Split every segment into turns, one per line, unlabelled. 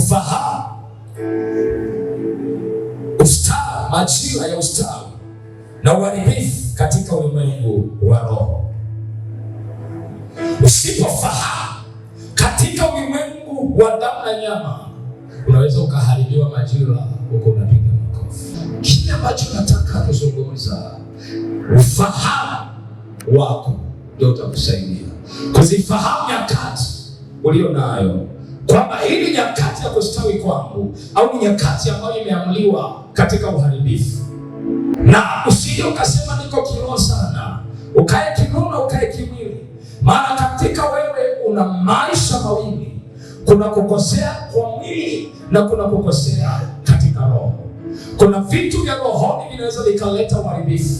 kufahamu ustawi, majira ya ustawi na uharibifu katika ulimwengu wa roho. Usipofahamu katika ulimwengu wa damu na nyama, unaweza ukaharibiwa majira huko unapiga makofi. Kile ambacho nataka kuzungumza, ufahamu wako ndio utakusaidia kuzifahamu nyakati ulio nayo kwamba hii ni nyakati ya kustawi kwangu, au ni nyakati ambayo imeamliwa katika uharibifu. Na usije ukasema niko kiroho sana, ukae kiroho na ukae kimwili, maana katika wewe una maisha mawili, kuna kukosea kwa mwili na kuna kukosea katika roho. Kuna vitu vya rohoni vinaweza vikaleta uharibifu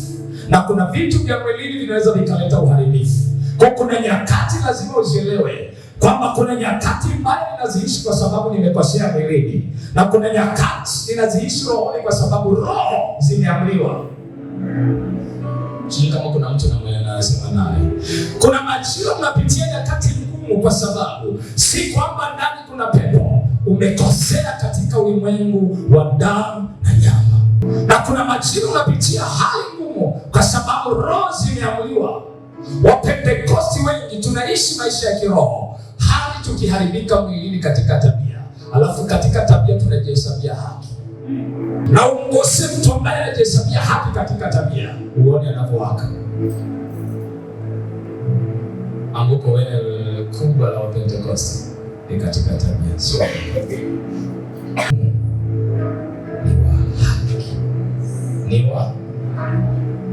na kuna vitu vya mwilini vinaweza vikaleta uharibifu. Kwa kuna nyakati lazima uzielewe kwamba kuna nyakati mbaya naziishi kwa sababu nimekosea mwilini, na kuna nyakati ninaziishi rohoni kwa sababu roho zimeamriwa. Sijui kama kuna mtu namwona anasema naye, kuna majira unapitia nyakati ngumu kwa sababu si kwamba ndani kuna pepo, umekosea katika ulimwengu wa damu na nyama, na kuna majira unapitia hali ngumu kwa sababu roho zimeamriwa. Wapentekosti wengi tunaishi maisha ya kiroho hali tukiharibika mwilini katika tabia, alafu katika tabia tunajihesabia haki na ungose mtu ambaye anajihesabia haki katika tabia, uone anavyowaka anguko wene kubwa la Wapentekoste ni katika tabia so. ni wa ni wa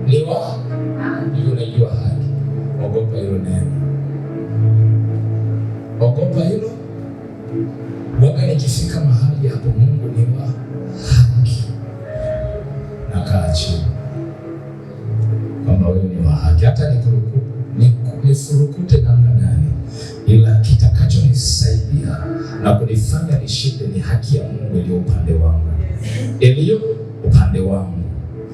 ni wa Ogopa hilo. Waga nikifika mahali hapo, Mungu ni wa haki, na chini kwamba wewe ni wa haki, hata nifurukute namna gani, ila kitakachonisaidia na kunifanya nishinde ni haki ya Mungu iliyo upande wangu, iliyo upande wangu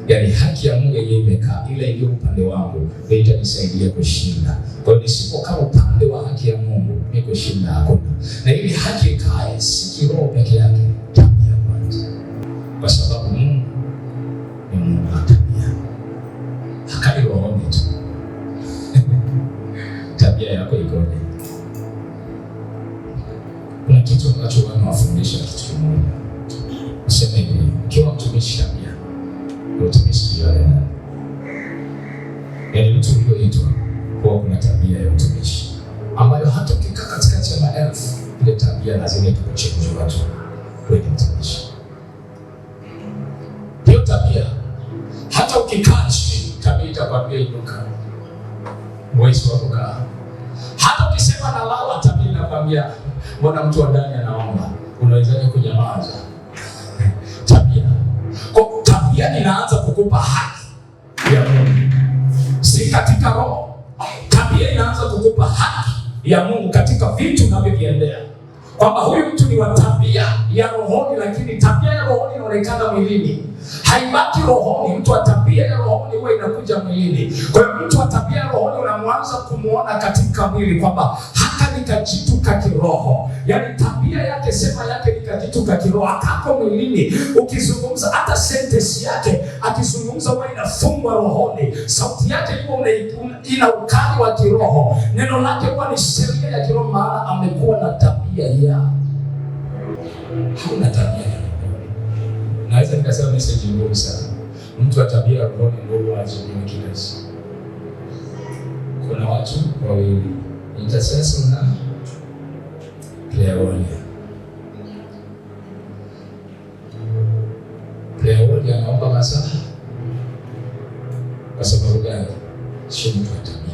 yaani haki ya Mungu yenyewe imekaa, ila iliyo upande wangu ndio itanisaidia kushinda. Kwa nisipokaa upande wa haki ya kushinda hakuna. Na ili haki ikae si kiroho peke yake, tabia kwanza, kwa sababu Mungu ni Mungu wa tabia, hakai rohoni tu. Tabia yako ikoje? Kuna kitu ambacho wanawafundisha kitu kimoja, useme hivi, ukiwa mtumishi tabia utumishi yale yaani mtu ulioitwa kuwa kuna tabia ya utumishi ambayo hata pia lazima itukushe kujua tu kweli mtumishi. Hiyo tabia hata ukikaa chini, tabia itakwambia inuka, mwezi wa kukaa. Hata ukisema na lala, tabia inakwambia mbona mtu wa ndani anaomba, unawezaje kunyamaza? Tabia kwa tabia inaanza kukupa haki ya Mungu, si katika roho. Tabia inaanza kukupa haki ya Mungu katika vitu unavyoviendea kwamba huyu mtu ni wa tabia ya rohoni, lakini tabia ya rohoni inaonekana mwilini, haibaki rohoni. Mtu wa tabia ya rohoni huwa inakuja mwilini. Kwa hiyo mtu wa tabia ya rohoni unamwanza kumwona katika mwili kwamba hata ni ka kiroho, yaani tabia yake, sema yake katika kitu cha kiroho akako mwilini, ukizungumza hata sentensi yake akizungumza wewe inafungwa rohoni, sauti yake ina ukali wa kiroho, neno lake kuwa ni sheria ya kiroho, maana amekuwa na tabia ya hauna tabia ya naweza nikasema meseji ngumu sana. Mtu wa tabia ya rohoni ni ngumu azungumze kila siku. Kuna watu wawili intercessor na Cleonia anaomba masaa kwa sababu gani? Sio mtu wa tabia.